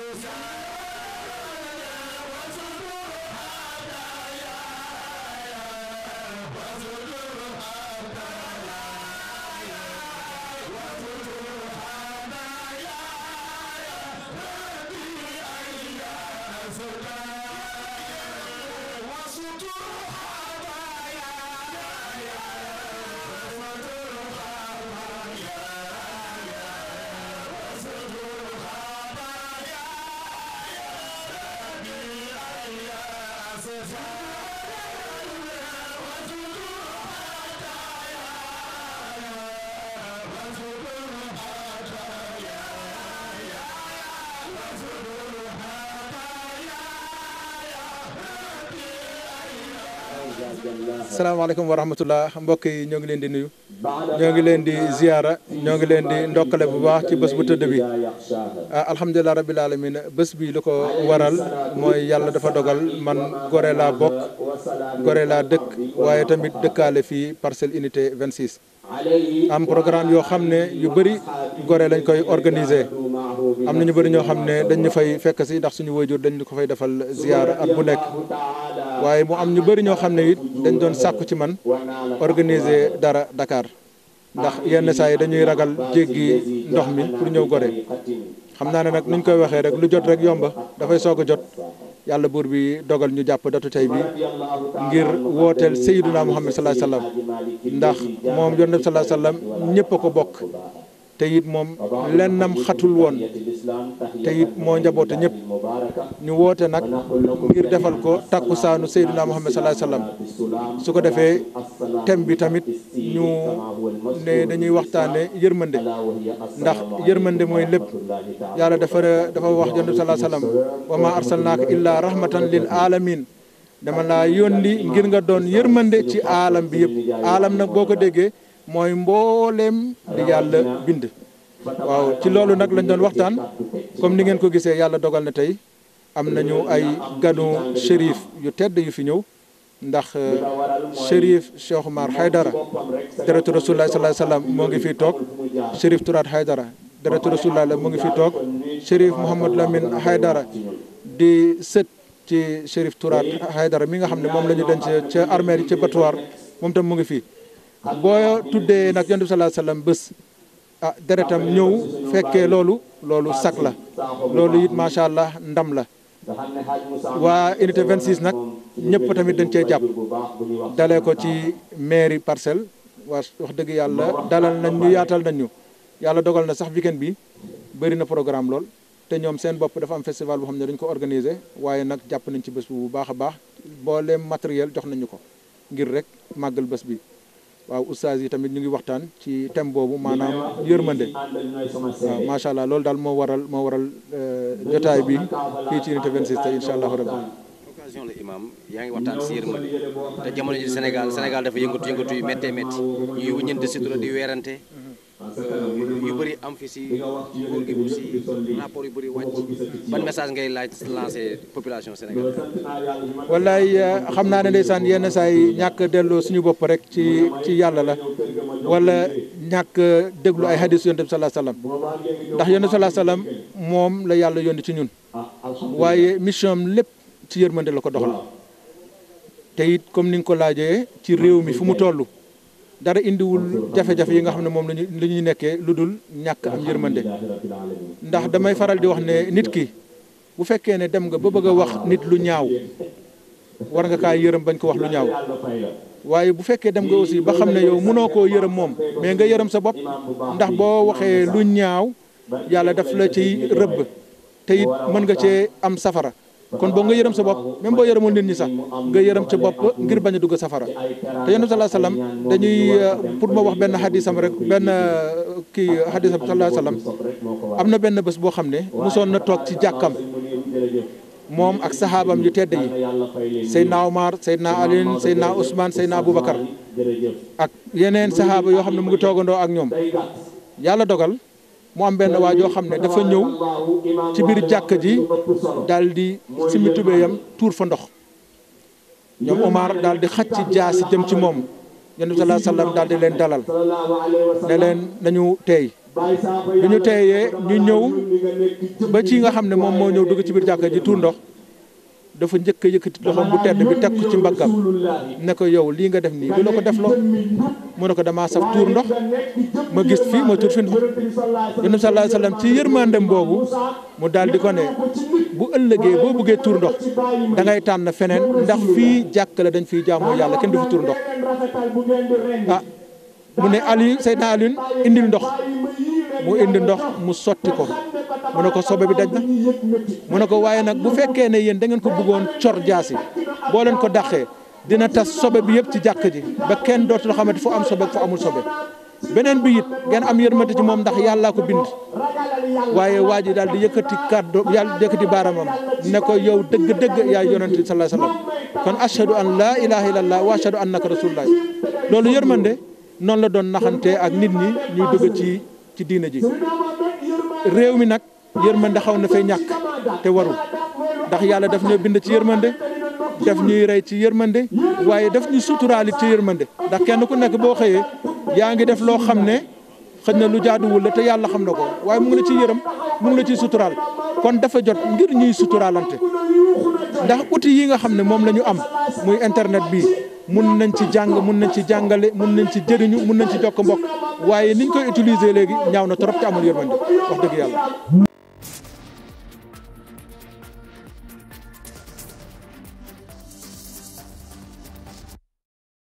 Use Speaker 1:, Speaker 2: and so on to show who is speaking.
Speaker 1: Susan. salaamaaleykum wa rahmatullah mbokk yi ñoo ngi leen di nuyu ñoo ngi leen di ziyaara ñoo ngi leen di ndokkale bu baax ci bés bu tëdd bi ah, alhamdulilah rabbil alamin bés bi lu ko waral mooy yàlla dafa dogal man gore laa bokk gore laa dëkk waaye tamit dëkkaale fii parcelle unité 26 am programme yoo xam ne yu bëri Gorée lañ koy organiser am na ñu bëri ñoo xam ne dañ ñu fay fekk si ndax suñu waajur dañ ko fay defal ziar at bu nekk waaye mu am ñu bëri ñoo xam ne it dañ doon sàkku ci man organiser dara dakaar
Speaker 2: ndax yenn saa yi dañuy ragal jéggi ndox mi pour ñëw Gorée
Speaker 1: xam naa ne nag nuñ koy waxee rek lu jot rek yomba dafay soog a jot. yàlla buur bi dogal ñu jàpp datu tey bi ngir wooteel Seydina Muhammad sallallahu alayhi wa sallam ndax moom yonent bi wa sallam ñëpp a ko bokk te it moom lennam xatul woon te it moo njaboote ñëpp ñu woote nag ngir defal ko takku takkusaanu Seydina Muhammad sallallahu alayhi wasallam su ko defee thème bi tamit ñu ne dañuy waxtaane yërmande ndax yërmande mooy lépp yàlla dafa dafa wax jonte sallallahu alayhi wasallam wa ma arsalnaaka illaa rahmatan lil alamin dama laa yónni ngir nga doon yërmande ci alam bi yëpp aalam nag boo ko déggee mooy mbooleem li yàlla bind waaw ci loolu nag lañ doon waxtaan comme ni ngeen ko gisee yàlla dogal na tey am nañu ay ganu shérif yu tedd yu fi ñëw ndax euh, shérif Cheikh Omar Haydara deretu rasulullah sallallahu alayhi wasallam moo ngi fi toog shérif Turaat Haydara deretu rasulullah ngi fi toog shérif Mouhamad Lamine Haydara di sët ci shérif Turaat Haydara mi nga xam ne moom la ñu denc ca armée yi ca batuwaar moom tam mu ngi fii boo tuddee nag yonent bi sallallahu alayhi wasallam bés ah deretam ñëw fekkee loolu loolu sak la loolu it macha allah ndam la waa unité 26 nag ñëpp tamit dañ cee jàpp dalee ko ci mairie parcelle waa wax dëgg yàlla dalal nañ ñu yaatal nañ ñu yàlla dogal na sax weekend bi bëri na programme lool te ñoom seen bopp dafa am festival boo xam ne dañ ko organiser waaye nag jàpp nañ ci bés bu baax a baax boole matériel jox nañu ko ngir rek màggal bés bi waaw oustaz yi tamit ñu ngi waxtaan ci thème boobu maanaam yërmande waaw macha allah loolu daal moo waral moo waral euh, jotaay bi fii ci unité 26 te incha allah rabbi occasion yaa ngi waxtaan si yërmande te jamono ji Sénégal Sénégal dafa yëngatu yëngatu yu méttee métti ñuy wëññante sutura di weerante yu bari am fi si nguur gi bu si rapport yu bëri wàcc ban message ngay laaj lancé population Sénégal. wallaay eh, xam naa ne day ndeysaan yenn saa yi ñàkk delloo suñu bopp rek ci ci yàlla la wala ñàkk déglu ay hadis yonent bi salaa salaam ndax yonent bi moom la yàlla yónni ci ñun waaye mission am lépp ci yërmande la ko doxal te it comme ni nga ko laajee ci réew mi fu mu toll. dara indiwul jafe-jafe yi nga xam ne moom lañu li nekkee lu dul ñàkk am yërmande ndax damay faral di wax ne nit ki bu fekkee ne dem nga ba bëgg a wax nit lu ñaaw war nga kaa yërëm bañ ko wax lu ñaaw waaye bu fekkee dem nga aussi ba xam ne yow mënoo ko yërëm moom mais nga yërëm sa bopp ndax boo waxee lu ñaaw yàlla daf la ciy rëbb te it mën nga cee am safara kon boo nga yërëm sa bopp même boo yërëmul nit ñi sax nga yërëm sa bopp ngir bañ a dugg safara te yonent sallallahu alayhi dañuy euh, pour ma wax benn xadisam rek benn euh, kii xadisam sallallahu alayhi wasallam am na benn bés boo xam ne soon na toog si jàkkam
Speaker 2: moom ak saxaabam yu tedd
Speaker 1: yi naa Omar Seydina Alioune Seydina Ousmane Seydina Aboubacar ak yeneen saxaaba yoo xam ne mu ngi toogandoo ak ñoom yàlla dogal. mu am benn waa joo xam ne dafa ñëw ci biir jàkk ji dal di simi tubéyam tuur fa ndox ñoom Omar daal di xacc jaasi jëm ci moom yonent bi sallallahu alayhi wa daal di leen dalal ne leen nañu teey bi ñu teeyee ñu ñëw ba ci nga xam ne moom moo ñëw dugg ci biir jàkk ji tuur ndox dafa njëkk a yëkkati loxoom bu tedd bi teg ko ci mbaggam ne ko yow lii nga def nii lu la ko def loo mu ne ko damaa saf tuur ndox ma gis fii ma tuur fi ndox yonent bi sallallahu alayhi wasallam ci yërmandem boobu mu daal di ko ne bu ëllëgee boo buggee tuur ndox da ngay tànn feneen ndax fii jàkk la dañ fi jaamoo yàlla kenn du fi tuur ndox ah mu ne Aliou Seydina Aliou indil ndox mu indi ndox mu sotti ko mu ne ko sobe bi daj na mu ne ko waaye nag bu fekkee ne yéen da ngeen ko bëggoon cor jaasi boo leen ko dàqee dina tas sobe bi yëpp ci jàkk ji ba kenn dootul xamante fu am sobe fu amul sobe beneen bi it ngeen am yërmande ci moom ndax yàllaa ko bind waaye waa ji daal di yëkkati kàddu yàlla di yëkkati baaramam ne ko yow dëgg-dëgg yaay yonent bi sallallahu alayhi wasallam kon ashhadu an laa ilaha illallah wa ashhadu annaka rasulullah loolu yërmande noonu la doon naxantee ak nit ñi ñuy dugg ci ci diina ji réew mi nag yërmande xaw na fay ñàkk te warul ndax yàlla daf ñoo bind ci yërmande daf ñuy rey ci yërmande waaye daf ñu suturaalit ci yërmande ndax kenn ku nekk boo xëyee yaa ngi def loo xam ne xëj na lu jaaduwul la te yàlla xam na ko waaye mu ngi la ciy yërëm mu ngi la ciy suturaal kon dafa jot ngir ñuy suturaalante ndax outils yi nga xam ne moom la ñu am muy internet bi mun nañ ci jàng mun nañ ci jàngale mun nañ ci jëriñu mun nañ ci jokk mbokk waaye niñ koy utiliser léegi ñaaw na trop te amul yërmande wax dëgg yàlla.